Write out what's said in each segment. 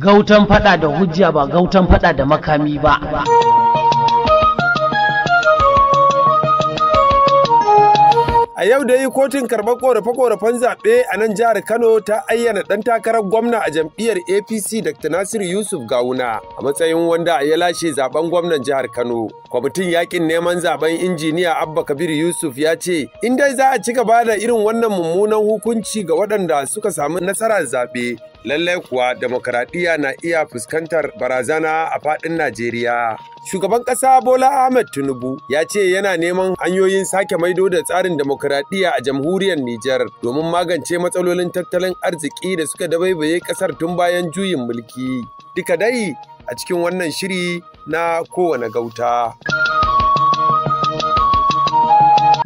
gautan fada da hujja ba gautan fada da makami ba a yau da yi kotun karɓar korafe-korafen zaɓe a nan jihar kano ta ayyana ɗan takarar gwamna a jam'iyyar apc dr nasiru yusuf gawuna a matsayin wanda ya lashe zaben gwamnan jihar kano kwamitin yakin neman zaben injiniya abba kabir yusuf ya ce in dai za a ci gaba da irin wannan mummunan hukunci ga waɗanda suka samu nasarar zaɓe lallai kuwa demokaradiyya na iya fuskantar barazana a faɗin Najeriya. Shugaban ƙasa Bola Ahmed Tinubu ya ce yana neman hanyoyin sake maido da tsarin demokaradiyya a jamhuriyar Nijar domin magance matsalolin tattalin arziki da suka dabaibaye ƙasar tun bayan juyin mulki. Duka dai a cikin wannan shiri na kowane gauta.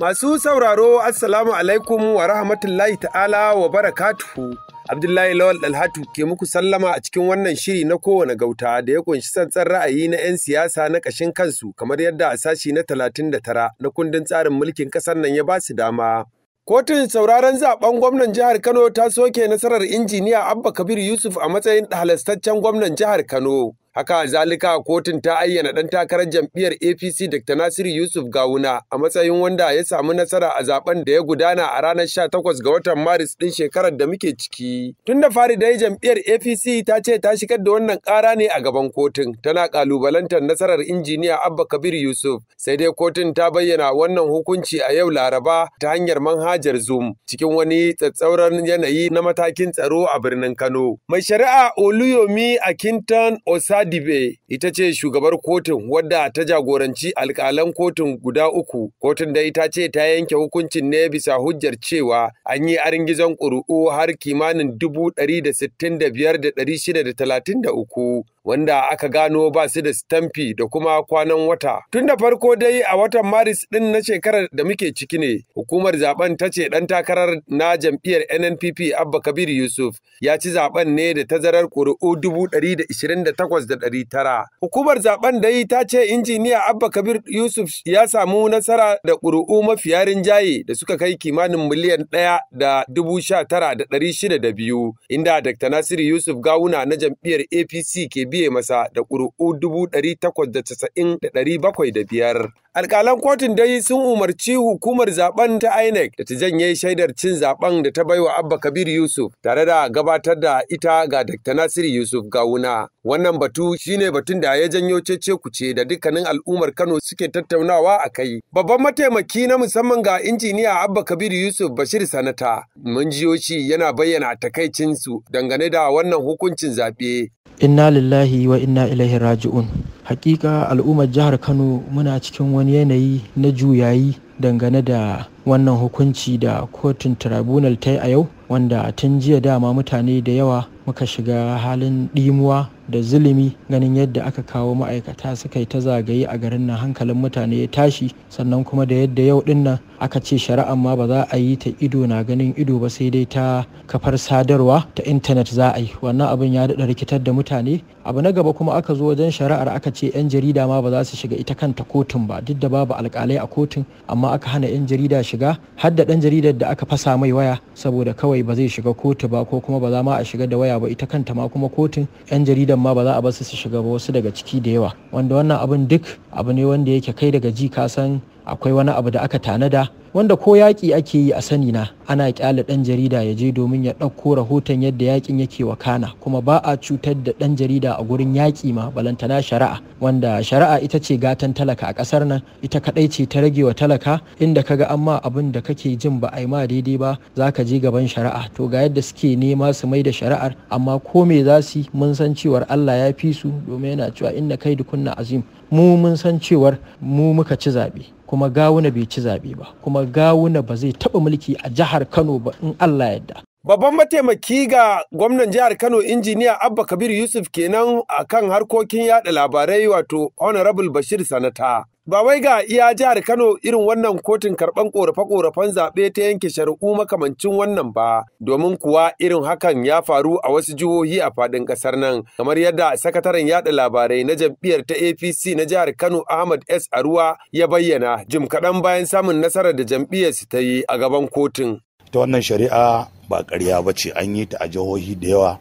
Masu sauraro, Assalamu alaikum wa rahmatullahi ta'ala wa barakatuhu. Abdullahi Lawal Dalhatu ke muku sallama a cikin wannan shiri na kowane gauta da ya kunshi sansan ra'ayi na 'yan siyasa na kashin kansu kamar yadda a sashi na 39 na kundin tsarin mulkin ƙasar nan ya ba su dama. Kotun sauraron zaben gwamnan jihar Kano ta soke nasarar injiniya Abba Kabir Yusuf a matsayin halastaccen gwamnan jihar Kano. Haka zalika kotun ta ayyana ɗan takarar jam'iyyar APC Dr. Nasiru Yusuf Gawuna a matsayin wanda ya samu nasara a zaben da ya gudana a ranar sha takwas ga watan Maris ɗin shekarar da muke ciki. Tun da fari da jam'iyyar APC ta ce ta shigar da wannan ƙara ne a gaban kotun tana ƙalubalantar nasarar injiniya Abba Kabir Yusuf sai dai kotun ta bayyana wannan hukunci a yau Laraba ta hanyar manhajar Zoom cikin wani tsatsauran yanayi na matakin tsaro a birnin Kano. Mai shari'a Oluyomi Akintan Osa. Adibe ita ce shugabar kotun wadda ta jagoranci alƙalan kotun guda uku. Kotun da ita ce ta yanke hukuncin ne bisa hujjar cewa an yi arin gizon ƙuri'u har kimanin dubu ɗari da sittin da biyar da ɗari shida da talatin da uku. wanda aka gano ba su da stamfi da kuma kwanan wata. Tun da farko dai a watan Maris ɗin na shekarar da muke ciki ne, hukumar zaben ta ce ɗan takarar na jam'iyyar NNPP Abba Kabir Yusuf ya ci zaben ne da tazarar ƙuri'u dubu ɗari da ishirin da takwas da ɗari tara. Hukumar zaben dai ta ce injiniya Abba Kabir Yusuf ya samu nasara da ƙuri'u mafiya rinjaye da suka kai kimanin miliyan ɗaya da dubu sha tara da ɗari shida da biyu, inda Dr. Nasiru Yusuf Gawuna na jam'iyyar APC ke bi biye masa da ƙuri'u dubu ɗari takwas da casa'in da ɗari bakwai da biyar. Alƙalan kotun dai sun umarci hukumar zaben ta INEC da ta janye shaidar cin zaben da ta baiwa Abba Kabir Yusuf tare da gabatar da ita ga Dr. Nasiru Yusuf Gawuna. Wannan batu shine batun da ya janyo cece kuce da dukkanin al'ummar Kano suke tattaunawa a kai. Babban mataimaki na musamman ga injiniya Abba Kabir Yusuf Bashir Sanata, mun jiyo shi yana bayyana takaicinsu dangane da wannan hukuncin zaɓe. inna lillahi wa inna ilaihi raji'un hakika al'ummar jihar kano muna cikin wani yanayi na juyayi dangane da wannan hukunci da kotun tribunal ta yi a yau wanda tun jiya dama mutane da yawa muka shiga halin ɗimuwa da zulumi ganin yadda aka kawo ma'aikata suka yi ta zagaye a garin nan hankalin mutane ya tashi sannan kuma da yadda yau ɗin aka ce shari'ar ma ba za a yi ta ido na ganin ido ba sai dai ta kafar sadarwa ta intanet za a yi wannan abin ya daɗa rikitar da mutane abu na gaba kuma aka zo wajen shari'ar aka ce 'yan jarida ma ba za su shiga ita kanta kotun ba duk da babu alƙalai a kotun amma aka hana 'yan jarida shiga har da ɗan jaridar da aka fasa mai waya saboda kawai ba zai shiga kotu ba ko kuma ba za ma a shiga da waya ba ita kanta ma kuma kotun 'yan jaridan ma ba za a bar su su shiga ba wasu daga ciki da yawa wanda wannan abin duk abu ne wanda yake kai daga ji ka san akwai wani abu da aka tanada wanda ko yaƙi ake yi a sani na ana ƙyale ɗan jarida ya je domin ya ɗauko rahoton yadda yaƙin yake wakana kuma ba a cutar da ɗan jarida a gurin yaƙi ma balantana shari'a wanda shari'a ita ce gatan talaka a ƙasar nan ita kaɗai ce ta rage wa talaka inda kaga an ma abin da kake jin ba a yi ma daidai ba za ka je gaban shari'a to ga yadda suke nema su mai da shari'ar amma ko me za su mun san cewar Allah ya fi su domin yana cewa inna kai kunna azim mu mun san cewar mu muka ci zaɓe kuma gawuna bai ci zaɓe ba kuma gawuna ba zai taɓa mulki a jihar kano ba in allah yadda Babban mataimaki ga gwamnan jihar Kano injiniya Abba Kabir Yusuf kenan akan harkokin yada labarai wato Honorable Bashir Sanata. ba wai ga iya jihar Kano irin wannan kotun karɓan ƙorafe-ƙorafen zaɓe ta yanke shari'u makamancin wannan ba, domin kuwa irin hakan ya faru a wasu jihohi a faɗin ƙasar nan, kamar yadda sakataren yaɗa labarai na jam'iyyar ta APC na jihar Kano Ahmad S. Aruwa ya bayyana jim kaɗan bayan samun nasarar da jam'iyyar su ta yi a gaban kotun. ita wannan shari'a ba karya ba ce an yi ta a jihohi da yawa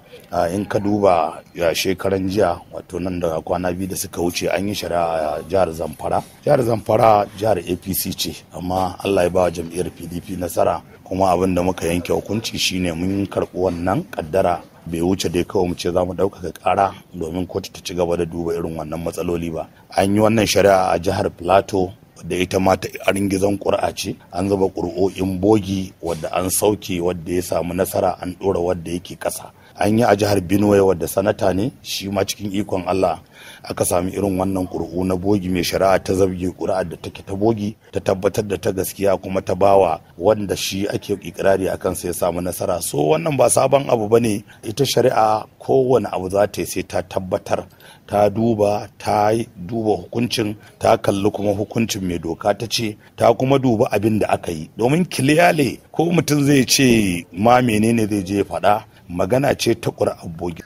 in ka duba shekaran jiya wato nan da kwana biyu da suka wuce an yi shari'a a jihar zamfara jihar zamfara jihar apc ce amma allah ya ba jam'iyyar pdp nasara kuma abin da muka yanke hukunci shine mun karɓi wannan kaddara bai wuce dai kawai mu ce za mu ɗaukaka ƙara domin kotu ta ci gaba da duba irin wannan matsaloli ba an yi wannan shari'a a jihar plateau da ita ma ta gizon ƙuri'a ce an zuba ƙuri'o'in bogi wadda an sauke wadda ya samu nasara an ɗora wadda yake ƙasa an yi a jihar benue wadda sanata ne shi ma cikin ikon allah aka sami irin wannan ƙuri'u na bogi mai shari'a ta zabge ƙuri'a da take ta bogi ta tabbatar da ta gaskiya kuma ta bawa wanda shi ake ikirari akan sai ya samu nasara so wannan ba sabon abu bane ita shari'a kowane abu za ta yi sai ta tabbatar ta duba ta duba hukuncin ta kalli kuma hukuncin mai doka ta ce ta kuma duba abin da aka yi domin kiliyale ko mutum zai ce ma menene zai je faɗa magana ce ta ƙuri'ar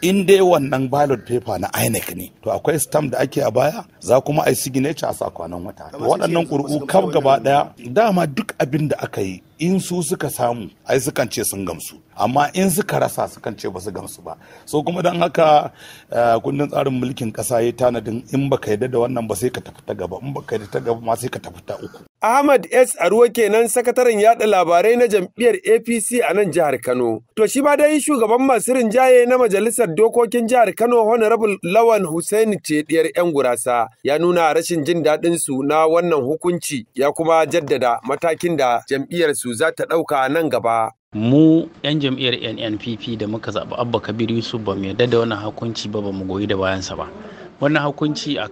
in dai wannan ballot paper na INEC ne to akwai stamp da ake a baya za kuma a yi signature a sakonan wata waɗannan ƙuri'u kaf gaba ɗaya dama duk abin da aka yi in su suka samu ai sukan ce sun gamsu amma in suka rasa sukan ce ba su gamsu ba so kuma don haka eh, kundin tsarin mulkin ƙasa ya tanadin in baka yarda da wannan ba sai ka tafi ta gaba in baka yarda ta gaba ma sai ka tafi ta uku Ahmad S. Aruwa kenan sakataren yada labarai na jam'iyyar APC a nan jihar Kano. To shi ba dai shugaban masu rinjaye na majalisar dokokin jihar Kano Honorable Lawan Hussein ce Ɗiyar 'yan gurasa ya nuna rashin jin daɗin su na wannan hukunci ya kuma jaddada matakin da jam'iyyar su za ta ɗauka nan gaba. Mu 'yan jam'iyyar NNPP da muka zaɓi Abba Kabir Yusuf ba mu yarda da wannan hukunci ba ba mu goyi da bayansa ba. wannan hukunci a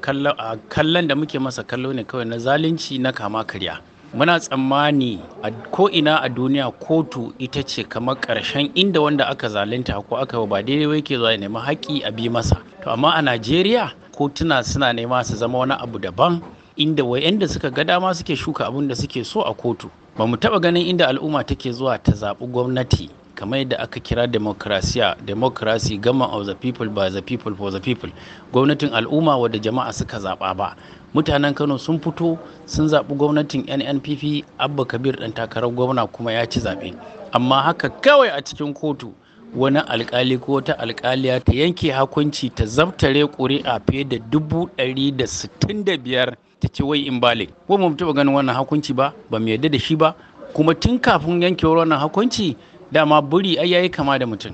kallon da muke masa kallo ne kawai na zalunci na kama karya muna tsammani a ko'ina a duniya kotu ita ce kamar karshen inda wanda aka zalunta ko aka ba daidai ke zuwa nemi haƙƙi a bi masa to amma a najeriya kotuna suna nema su zama wani abu daban inda wayanda suka ga dama suke shuka abin da suke so a kotu ba mu taɓa ganin inda al'umma take zuwa ta zaɓi gwamnati kamar yadda aka kira demokrasiya democracy gama of the people by the people for the people gwamnatin al'umma wadda jama'a suka zaɓa ba mutanen kano sun fito sun zaɓi gwamnatin nnpp abba kabir ɗan takarar gwamna kuma ya ci zaɓe amma haka kawai a cikin kotu wani alkali ko wata alkaliya ta yanke hakunci ta zabtare ƙuri'a fiye da dubu ɗari da sittin da biyar ta ce wai in bale ko mu taɓa ganin wannan hakunci ba ba mu yadda da shi ba kuma tun kafin yankewar wannan hakunci dama buri ai yayi kama da mutum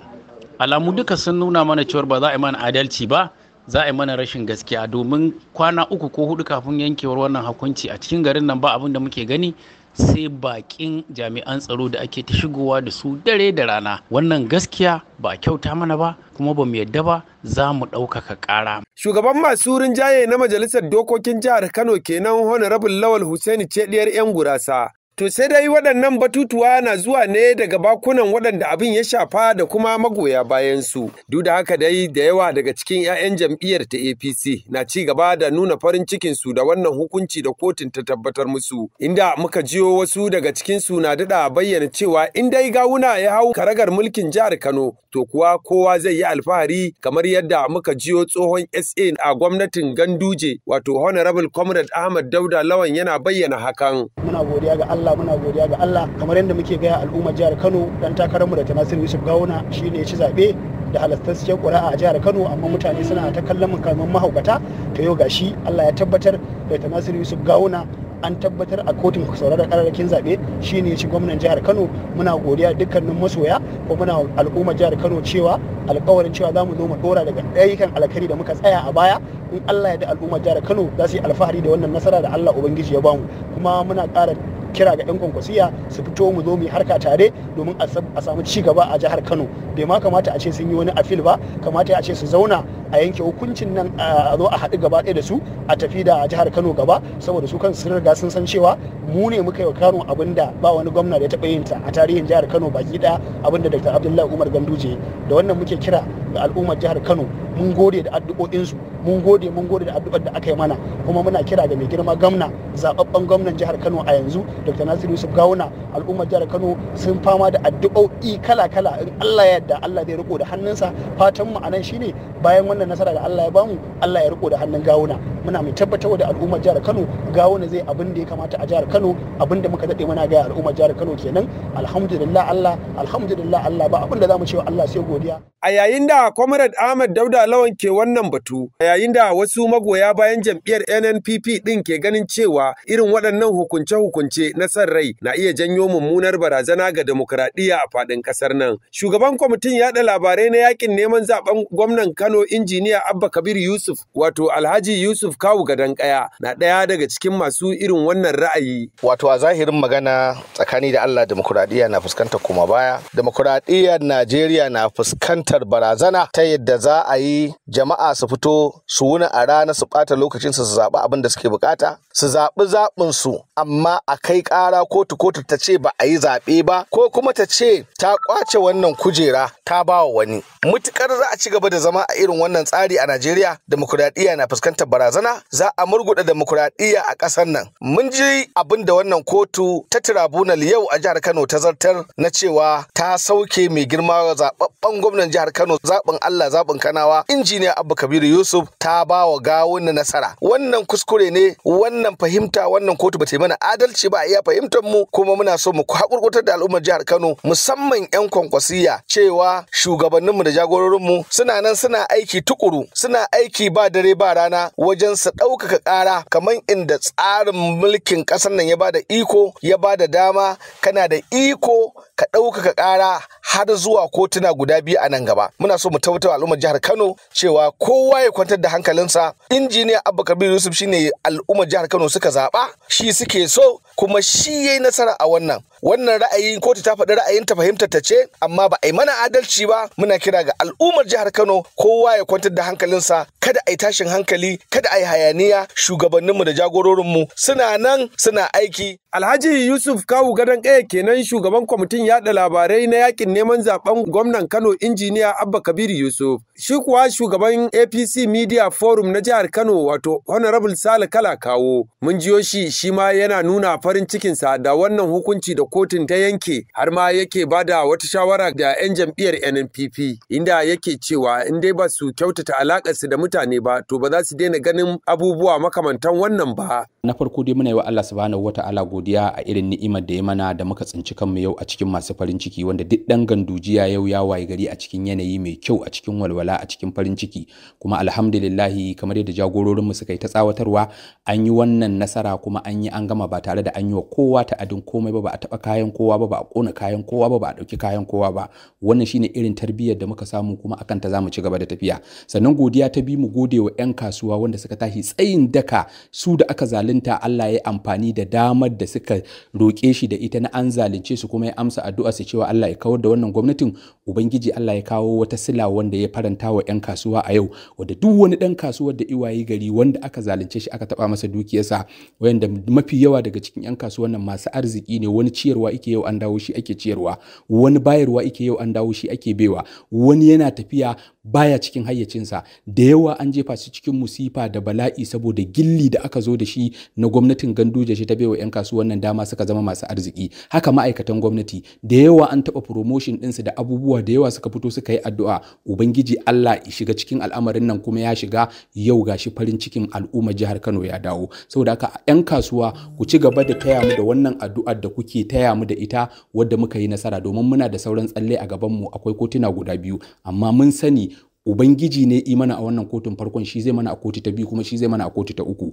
alamu duka sun nuna mana cewar ba za a yi mana adalci ba za a yi mana rashin gaskiya domin kwana uku ko hudu kafin yankewar wannan hukunci a cikin garin nan ba abin da muke gani sai bakin jami'an tsaro da ake ta shigowa da su dare da rana wannan gaskiya ba kyauta mana ba kuma ba mu yadda ba za mu ɗaukaka ƙara. shugaban masu rinjaye na majalisar dokokin jihar kano kenan honorable lawal hussaini cediyar yan gurasa To sai dai waɗannan batutuwa na zuwa ne daga bakunan waɗanda abin ya shafa da kuma magoya bayansu. Duk da haka dai da yawa daga cikin 'ya'yan jam'iyyar ta APC na ci gaba da nuna farin cikinsu da wannan hukunci da kotun ta tabbatar musu. Inda muka jiyo wasu daga cikinsu na daɗa bayyana cewa in dai gawuna ya hau karagar mulkin jihar Kano to kuwa kowa zai yi alfahari kamar yadda muka jiyo tsohon SA a gwamnatin Ganduje wato Honorable Comrade Ahmad Dauda Lawan yana bayyana hakan. Muna godiya ga Allah muna godiya ga Allah kamar yadda muke gaya al'ummar jihar Kano dan takararmu da Tanasir Yusuf Gawuna shine ya ci zabe da cikin ƙuri'a a jihar Kano amma mutane suna ta kallon kamar mahaukata ta yau gashi Allah ya tabbatar da Tanasir Yusuf Gawuna an tabbatar a kotun da kararrakin zaɓe shine ya ci gwamnan jihar kano muna godiya dukkanin masoya ko muna al'ummar jihar kano cewa alƙawarin cewa za mu zo mu dora daga ayyukan alkhairi da muka tsaya a baya in allah ya da al'ummar jihar kano za su yi alfahari da wannan nasara da allah ubangiji ya bamu kuma muna ƙara kira ga 'yan kwankwasiya su fito mu zo mu harka tare domin a samu ci gaba a jihar kano bai ma kamata a ce sun yi wani afil ba kamata a ce su zauna a yanke hukuncin nan a zo a haɗu gaba ɗaya da su a tafi da jihar kano gaba saboda su kansu sun riga sun san cewa mu ne muka yi wa kano abin da ba wani gwamna da ya taɓa yin ta a tarihin jihar kano baki ɗaya abin da dr abdullahi umar ganduje da wannan muke kira ga al'ummar jihar kano mun gode da addu'o'insu mun gode mun gode da addu'ar da aka yi mana kuma muna kira ga mai girma gwamna zababben gwamnan jihar Kano a yanzu Dr. Nasiru Yusuf Gawuna al'ummar jihar Kano sun fama da addu'o'i kala-kala in Allah ya yarda Allah zai riko da hannunsa fatan mu anan shine bayan wannan nasara da Allah ya bamu Allah ya riko da hannun Gawuna muna mai tabbatar da al'ummar jihar Kano ga wani zai abin da ya kamata a jihar Kano abin da muka dade muna ga al'ummar jihar Kano kenan alhamdulillah Allah alhamdulillah Allah ba abin da zamu ce wa Allah sai godiya a yayin da Comrade Ahmad Dauda Lawan ke wannan batu a yayin da wasu magoya bayan jam'iyyar NNPP din ke ganin cewa irin waɗannan hukunce-hukunce na san rai na iya janyo mummunar barazana ga demokradiyya a faɗin ƙasar nan shugaban kwamitin yaɗa labarai na yakin neman zaben gwamnan Kano injiniya Abba Kabir Yusuf wato Alhaji Yusuf Yusuf Kawu Gadan Kaya na ɗaya daga cikin masu irin wannan ra'ayi. Wato a zahirin magana tsakani da Allah demokuraɗiyya na fuskantar kuma baya. Demokuraɗiyyar Najeriya na fuskantar barazana ta yadda za a yi jama'a su fito su wuni a rana su ɓata lokacin su zaɓi abin da suke bukata. Su zaɓi zaɓin su amma a kai ƙara kotu kotu ta ce ba a yi zaɓe ba ko kuma ta ce ta ƙwace wannan kujera ta ba wa wani. Mutuƙar za a ci gaba da zama a irin wannan tsari a Najeriya demokuraɗiyya na fuskantar barazana barazana za a murguɗa demokuraɗiyya a ƙasar nan mun ji abin da wannan kotu ta tirabunal yau a jihar kano ta zartar na cewa ta sauke mai girma zaɓaɓɓen gwamnan jihar kano zaɓin allah zaɓin kanawa injiniya abu kabiru yusuf ta ba wa gawun nasara wannan kuskure ne wannan fahimta wannan kotu ba ta yi mana adalci ba a iya fahimtar mu kuma muna so mu haƙurƙurtar da al'ummar jihar kano musamman 'yan kwankwasiya cewa shugabanninmu da jagororinmu suna nan suna aiki tukuru suna aiki ba dare ba rana wajen wajen su ɗaukaka ƙara kamar inda tsarin mulkin ƙasar nan ya bada iko ya da dama kana da iko ka ɗaukaka ƙara har zuwa kotuna guda biyu a nan gaba muna so mu tabbatar wa al'ummar jihar Kano cewa kowa ya kwantar da hankalinsa injiniya Abba Kabir Yusuf shine al'ummar jihar Kano suka zaɓa shi suke so kuma shi yayi nasara a wannan wannan ra'ayi kotu ta faɗi ra'ayin ta fahimtar ta ce amma ba a yi mana adalci ba muna kira ga al'ummar jihar Kano kowa ya kwantar da hankalinsa kada a yi tashin hankali kada a yi hayaniya shugabanninmu da jagororinmu suna nan suna aiki Alhaji Yusuf Kawu gadon ƙaya kenan shugaban kwamitin shirin yada labarai na yakin neman zaben gwamnan Kano injiniya Abba Kabir Yusuf. Shi kuwa shugaban APC Media Forum na jihar Kano wato Honorable Sale Kala Kawo. Mun jiyo shi shi ma yana nuna farin cikinsa da wannan hukunci da kotun ta yanke har ma yake bada wata shawara da 'yan jam'iyyar NNPP inda yake cewa in dai ba su kyautata su da mutane ba to ba za su daina ganin abubuwa makamantan wannan ba. Na farko dai muna yi wa Allah subhanahu wataala godiya a irin ni'imar da ya mana da muka tsinci kanmu yau a cikin masu farin ciki wanda duk ɗan jiya yau ya waye gari a cikin yanayi mai kyau a cikin walwala a cikin farin ciki kuma alhamdulillahi kamar yadda jagororinmu suka yi ta tsawatarwa an yi wannan nasara kuma an yi an gama ba tare da an yi wa kowa ta'adin komai ba ba a taba kayan kowa ba ba a ƙona kayan kowa ba ba a ɗauki kayan kowa ba wannan shine irin tarbiyyar da muka samu kuma akan ta zamu ci gaba da tafiya sannan godiya ta bi mu gode wa 'yan kasuwa wanda suka tashi tsayin daka su da aka zalunta Allah ya yi amfani da damar da suka roƙe shi da ita na an zalunce su kuma ya amsa addu'a su cewa Allah ya kawar da wannan gwamnatin ubangiji Allah ya kawo wata sila wanda ya faranta wa 'yan kasuwa a yau wanda duk wani ɗan kasuwar da iwaye gari wanda aka zalunce shi aka taɓa masa dukiyarsa wayanda mafi yawa daga cikin 'yan kasuwan nan masu arziki ne wani ciyarwa ike yau an dawo shi ake ciyarwa wani bayarwa ike yau an dawo shi ake baiwa wani yana tafiya baya cikin hayyacinsa da yawa an jefa su cikin musifa da bala'i saboda gilli da aka zo da shi na gwamnatin ganduje shi ta baiwa 'yan kasuwan nan dama suka zama masu arziki haka ma'aikatan gwamnati da yawa an taɓa promotion ɗinsu da abubuwa abubuwa da yawa suka fito suka yi addu'a ubangiji Allah ya shiga cikin al'amarin nan kuma ya shiga yau gashi farin cikin al'umma jihar Kano ya dawo saboda haka yan kasuwa ku ci gaba da taya mu da wannan addu'ar da kuke taya mu da ita wadda muka yi nasara domin muna da sauran tsalle a gaban mu akwai kotuna guda biyu amma mun sani ubangiji ne imana a wannan kotun farkon shi zai mana a koti ta biyu kuma shi zai mana a koti ta uku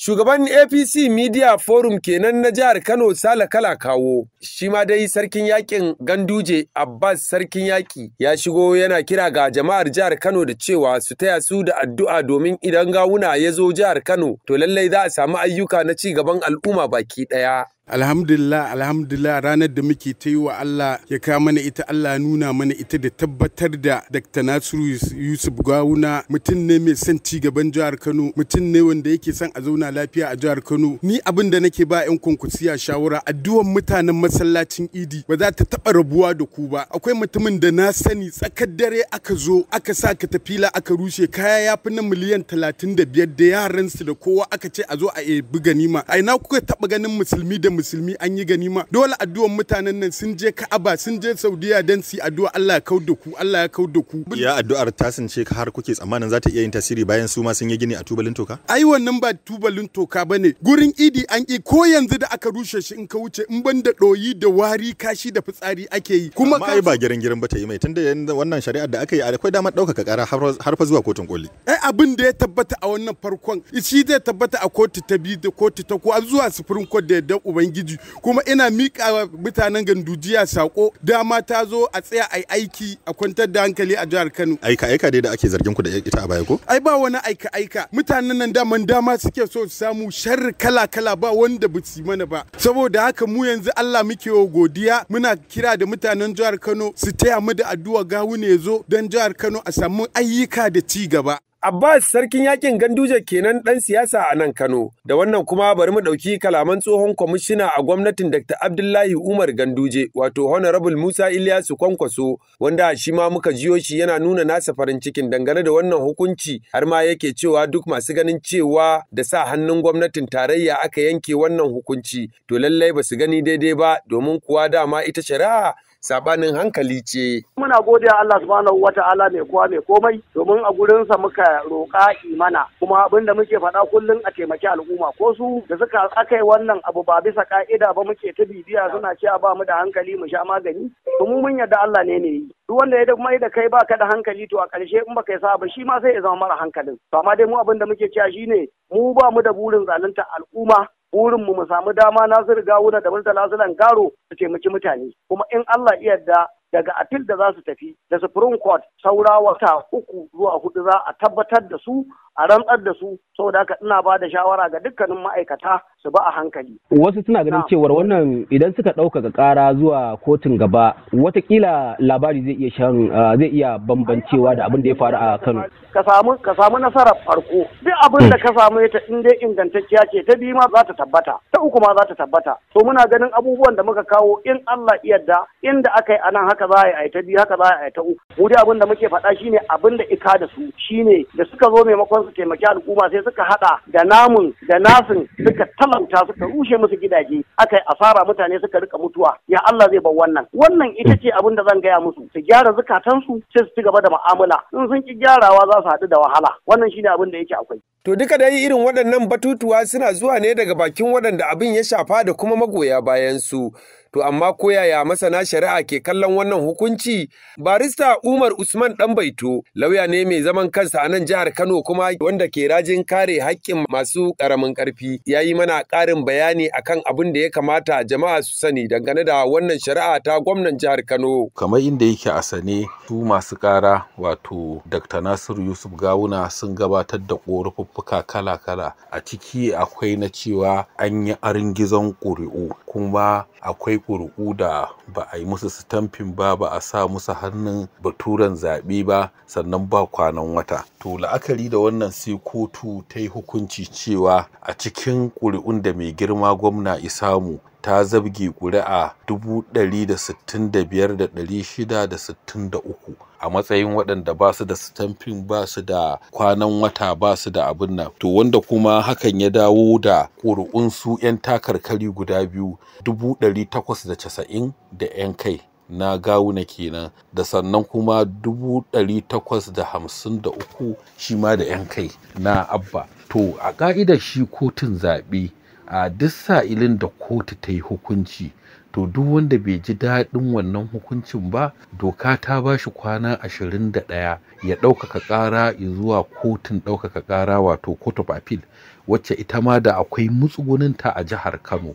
Shugaban APC Media Forum kenan na jihar Kano Sale Kala Kawo, shi ma dai sarkin yakin Ganduje Abbas sarkin yaki ya shigo yana kira ga jama'ar jihar Kano da cewa su taya su da addu'a domin idan gawuna ya zo jihar Kano to lallai za a samu ayyuka na ci gaban al'umma baki ɗaya. alhamdulillah alhamdulillah ranar da muke ta yi wa Allah ya ka mana ita Allah nuna mana ita da tabbatar da Dr. Nasiru Yusuf Gawuna mutum ne mai son ci gaban jihar Kano mutum ne wanda yake son a zauna lafiya a jihar Kano ni abin da nake ba yan kunkusiya shawara addu'an mutanen masallacin Idi ba za ta taba rabuwa da ku ba akwai mutumin da na sani tsakar dare aka zo aka sa ka tafila aka rushe kaya ya fi na miliyan talatin da biyar da yaransu da kowa aka ce a zo a ebi ganima a ina kuka taba ganin musulmi da musulmi an yi ganima dole addu'an mutanen nan sun je Ka'aba sun je Saudiya dan su addu'a Allah ya kau da ku Allah ya kau da ku ya addu'ar ta ka har kuke tsammanin za ta iya yin tasiri bayan su ma sun yi gini a tubalin toka ai wannan ba tubalin toka bane gurin idi an yi ko yanzu da aka rushe shi in ka wuce in ban da doyi da wari kashi da fitsari ake yi kuma ai ba girin girin ba ta yi mai tunda wannan shari'ar da aka yi akwai damar ɗaukaka kara har fa zuwa kotun koli ai abin da ya tabbata a wannan farkon shi zai tabbata a kotu ta biyu da kotu ta ko zuwa sufurin kwa da yadda ubangiji kuma ina miƙa mutanen gandujiya sako dama ta zo a tsaya a aiki a kwantar da hankali a jihar kano aika aika dai da ake zargin ku da ita a baya ko ai ba wani aika aika mutanen nan daman dama suke so su samu sharri kala kala ba wanda ba su mana ba saboda haka mu yanzu Allah muke wa godiya muna kira da mutanen jihar Kano su taya mu da addu'a gawu ne zo don jihar Kano a samu ayyuka da ci gaba Abbas sarkin yakin ganduje kenan ɗan siyasa a nan Kano, da wannan kuma bari mu ɗauki kalaman tsohon kwamishina a gwamnatin Dr. Abdullahi Umar Ganduje, wato Honorable Musa Ilyasu Kwankwaso, wanda shi ma muka jiyo shi yana nuna nasa farin cikin dangane da wannan hukunci, har ma yake cewa duk masu ganin cewa da sa hannun gwamnatin tarayya aka yanke wannan hukunci, to lallai ba su gani daidai ba, domin kuwa dama ita shari'a sabanin hankali ce. Muna godiya Allah subhanahu wa ta'ala mai kowa mai komai domin a gurinsa muka roƙa imana kuma abin da muke faɗa kullum a taimaki al'umma ko su da suka aka yi wannan abu ba bisa ka'ida ba muke ta bibiya suna cewa ba mu da hankali mu sha magani. Mu mun yarda Allah ne ne yi. duk wanda ya mai da kai baka da hankali to a ƙarshe in baka sa ba shi ma sai ya zama mara hankalin to amma dai mu abin da muke cewa ne. mu ba mu da burin zalunta al'umma burin mu mu samu dama Nasiru Gawuna da Murtala Sulan Garo su taimaki mutane kuma in Allah ya yarda daga apil da za su tafi da Supreme Court saura wata uku zuwa hudu za a tabbatar da su a rantsar da su saboda haka ina ba da shawara ga dukkanin ma'aikata su ba a hankali. Wasu suna ganin cewar wannan idan suka ɗaukaka ƙara zuwa kotun gaba watakila labari zai iya shan ah, zai iya bambancewa da abin da ya faru a Kano. Ka samu ka samu nasarar farko duk abin da hmm. ka samu ita in dai ingantacciya ce ta biyu ma za ta tabbata ta uku ma za ta tabbata to muna ganin abubuwan da muka kawo in Allah yarda inda aka yi anan haka za a yi ta biyu haka za a yi ta uku mu dai abin da muke faɗa shine abin da ika da su shine da suka zo maimakon su taimaki al'umma sai suka hada da namun da nasin suka talanta suka rushe musu gidaje aka yi asara mutane suka rika mutuwa ya Allah zai bar wannan wannan ita ce abin da zan gaya musu su gyara zukatansu sai su ci gaba da mu'amala in sun ki gyarawa za su haɗu da wahala wannan shine abin da yake akwai to duka da dai irin waɗannan batutuwa suna zuwa ne daga bakin waɗanda abin ya shafa da kuma magoya bayan su To amma ko yaya masana shari'a ke kallon wannan hukunci? Barista Umar Usman baito lauya ne mai zaman kansa a nan jihar Kano kuma wanda ke rajin kare haƙƙin masu ƙaramin ƙarfi. Ya yi mana ƙarin bayani akan abin da ya kamata jama'a su sani dangane da wannan shari'a ta gwamnan jihar Kano. Kamar inda yake a sane, su masu ƙara wato Dr. Nasiru Yusuf Gawuna sun gabatar da ƙorafuffuka kala-kala. A ciki akwai na cewa an yi gizon ƙuri'u kuma akwai akwai ƙuri'u da ba a yi musu sitamfin ba ba a sa musu hannun baturen zaɓe ba sannan ba kwanan wata to la'akari da wannan sai kotu ta yi hukunci cewa a cikin ƙuri'un da mai girma gwamna isamu ta zabge ƙuri'a 165,663 a matsayin waɗanda ba su da stamfin ba su da kwanan wata ba su da abin nan to wanda kuma hakan ya dawo da ƙuri'unsu 'yan takarkari guda biyu 890 da 'yan kai na gawuna kenan da sannan kuma 853 shi ma da 'yan kai na abba to a ƙa'idar shi kotun zaɓe a duk sa'ilin da kotu ta yi hukunci to duk wanda bai ji daɗin wannan hukuncin ba doka ta ba shi kwana ashirin da ɗaya ya ɗaukaka ƙara ya zuwa kotun ɗaukaka ƙara wato court of appeal wacce ita ma da akwai mutsuguninta a jihar kano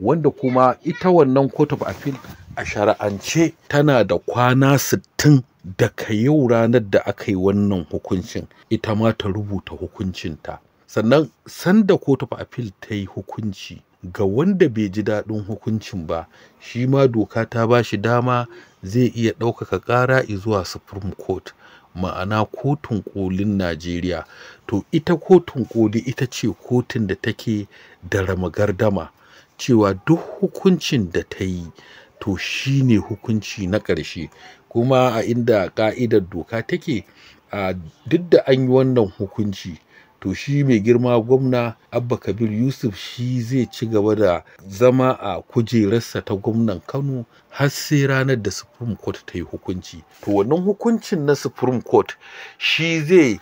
wanda kuma ita wannan court of appeal a shari'ance tana da kwana sittin daga yau ranar da aka yi wannan hukuncin ita ma ta rubuta hukuncinta sannan sanda kotu fa appeal ta yi hukunci ga wanda bai ji daɗin hukuncin ba shi ma doka ta ba shi dama zai iya ɗaukaka ƙara zuwa supreme court ma'ana kotun kolin najeriya to ita kotun koli ita ce kotun da take da ramagardama cewa duk hukuncin da ta yi to shi ne hukunci na ƙarshe kuma a inda ƙa'idar doka take a duk da an yi wannan hukunci to shi mai girma gwamna abba kabir yusuf shi zai ci gaba da zama a kujerarsa ta gwamnan kano har sai ranar da supreme court ta yi hukunci to wannan hukuncin na supreme court shi zai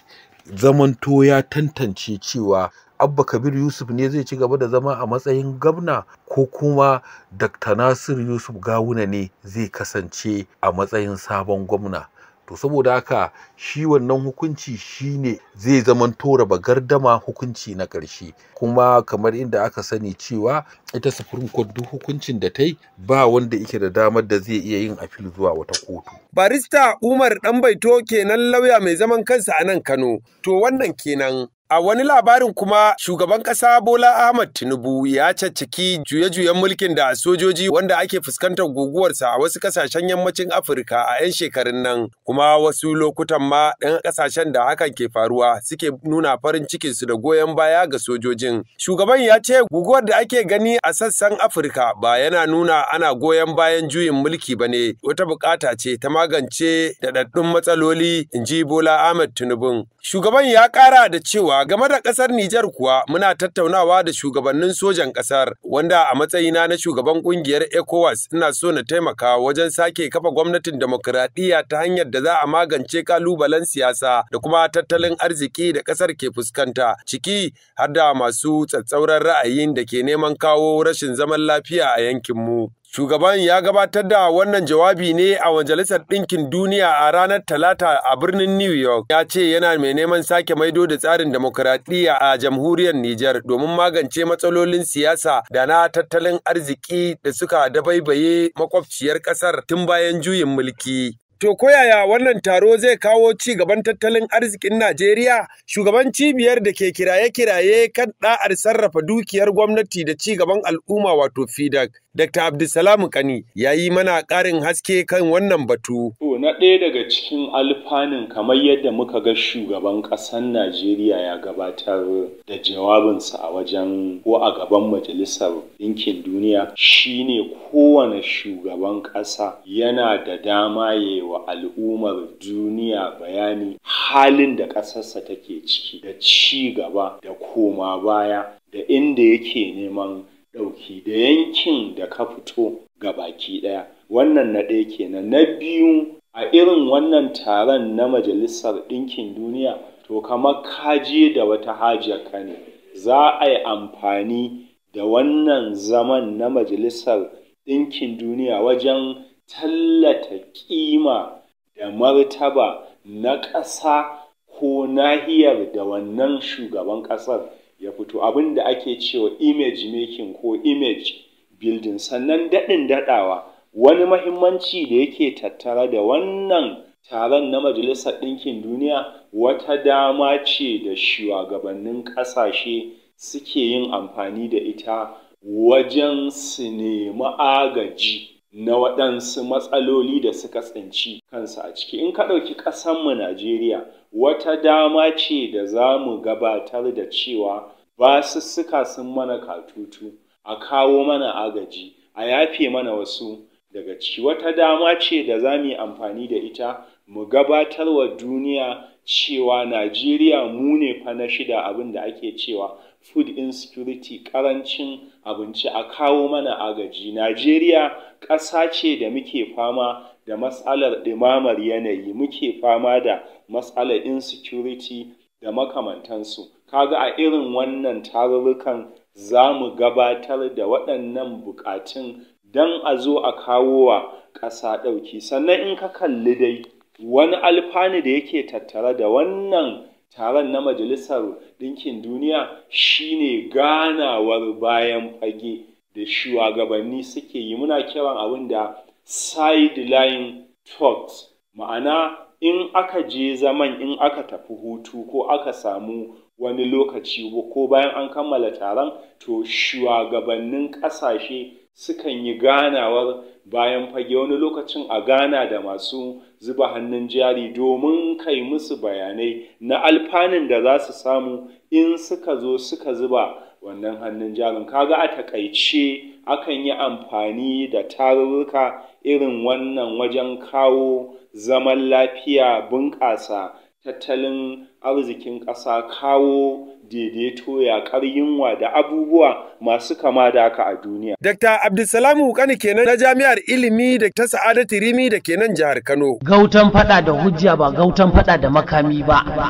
zamanto ya tantance cewa abba kabir yusuf ne zai ci gaba da zama a matsayin gwamna ko kuma dr nasir yusuf gawuna ne zai kasance a matsayin sabon gwamna to saboda haka shi wannan hukunci shine zai zaman tora gardama hukunci na ƙarshe kuma kamar inda aka sani cewa ita supreme court duk hukuncin da ta yi ba wanda yake da damar da zai iya yin afil zuwa wata kotu barista umar ɗan baito kenan lauya mai zaman kansa a nan kano to wannan kenan A wani labarin kuma shugaban ƙasa Bola Ahmad Tinubu ya caccaki juye-juyen mulkin da sojoji wanda ake fuskantar guguwarsa a wasu ƙasashen yammacin Afirka a 'yan shekarun nan kuma wasu lokutan ma ɗan ƙasashen da hakan ke faruwa suke nuna farin cikinsu da goyon baya ga sojojin. Shugaban ya ce guguwar da ake gani a sassan Afirka ba yana nuna ana goyon bayan juyin mulki ba ne wata buƙata ce ta magance daɗaɗɗun matsaloli in ji Bola Ahmad Tinubu. Shugaban ya ƙara da cewa A game da ƙasar Nijar kuwa muna tattaunawa da shugabannin sojan ƙasar wanda a matsayina na shugaban ƙungiyar ECOWAS ina so na taimaka wajen sake kafa gwamnatin demokuraɗiyya ta hanyar da za a magance ƙalubalen siyasa da kuma tattalin arziki da ƙasar ke fuskanta ciki har da masu tsatsauran ra'ayin da ke neman kawo rashin zaman lafiya a yankinmu. Shugaban ya gabatar da wannan jawabi ne a Majalisar Ɗinkin Duniya a ranar Talata a birnin New York. Ya ce yana mai neman sake maido da tsarin demokuraɗiyya a jamhuriyar Nijar domin magance matsalolin siyasa da na tattalin arziki da suka dabaibaye makwabciyar ƙasar tun bayan juyin mulki. To koyaya wannan taro zai kawo ci gaban tattalin arzikin Najeriya? Shugaban cibiyar da ke kiraye-kiraye kan ɗa'ar sarrafa dukiyar gwamnati da ci gaban al'umma wato FIDAC, Dr. Abdulsalam Kani ya yi mana ƙarin haske kan wannan batu. To na ɗaya daga cikin alfanun kamar yadda muka ga shugaban ƙasar Najeriya ya gabatar da jawabinsa a wajen ko a gaban majalisar ɗinkin duniya shine kowane shugaban ƙasa yana da dama ya wa al'ummar duniya bayani halin da ƙasarsa take ciki da ci gaba da koma baya da inda yake neman ɗauki da yankin da ka fito ga baki ɗaya wannan na ɗaya kenan na biyu a irin wannan taron na majalisar ɗinkin duniya to kamar ka da wata hajiyar ka ne za a yi amfani da wannan zaman na majalisar ɗinkin duniya wajen tallata ƙima da martaba na ƙasa ko nahiyar da wannan shugaban ƙasar ya fito abinda ake cewa image making ko image building sannan daɗin daɗawa wani mahimmanci da yake tattara da wannan taron na majalisar ɗinkin duniya wata dama ce da shugabannin ƙasashe suke yin amfani da ita wajen su nemi agaji na waɗansu matsaloli da suka tsinci kansu a ciki in ka ɗauki ƙasanmu Najeriya wata dama ce da za mu gabatar da cewa basussuka sun mana katutu a kawo mana agaji a yafe mana wasu daga ciki wata dama ce da za mu yi amfani da ita mu gabatar wa duniya cewa Najeriya mu ne fa na shida abin da ake cewa food insecurity ƙarancin abinci a kawo mana agaji Najeriya ƙasa ce da muke fama da matsalar ɗimamar yanayi muke fama da matsalar insecurity da makamantansu kaga a irin wannan tarurrukan za mu gabatar da waɗannan buƙatun don a zo a kawo wa ƙasa ɗauki sannan in ka kalli dai wani alfanu da yake tattare da wannan taron na majalisar ɗinkin duniya shine ganawar bayan fage da shugabanni suke yi muna kiran abin da sideline talks ma'ana in aka je zaman in aka tafi hutu ko aka samu wani lokaci ko bayan an kammala taron to shugabannin ƙasashe sukan yi ganawar bayan fage wani lokacin a gana da masu zuba hannun jari domin kai musu bayanai na alfanun da za su samu in suka zo suka zuba wannan hannun jarin kaga a takaice akan yi amfani da tarurruka irin wannan wajen kawo zaman lafiya bunƙasa tattalin arzikin ƙasa kawo daidaito yaƙar yunwa da abubuwa masu kama da haka a duniya. Dr. Abdulsalam Kani kenan na Jami'ar Ilimi da ta Sa'adatu Rimi da kenan jihar Kano. Gautan faɗa da hujja ba gautan faɗa da makami ba.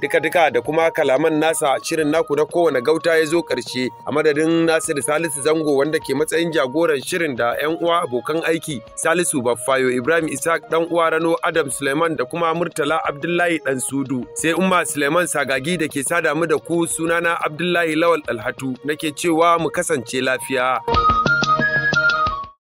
duka-duka da kuma kalaman nasa shirin naku na kowane gauta ya zo karshe a madadin Nasir Salisu Zango wanda ke matsayin jagoran shirin da 'yan uwa abokan aiki Salisu Baffayo Ibrahim Isaac dan uwa Rano Adam Suleiman da kuma Murtala Abdullahi dan Sudu sai Umma Suleiman Sagagi da ke sada mu da ku sunana Abdullahi Lawal Alhatu nake cewa mu kasance lafiya.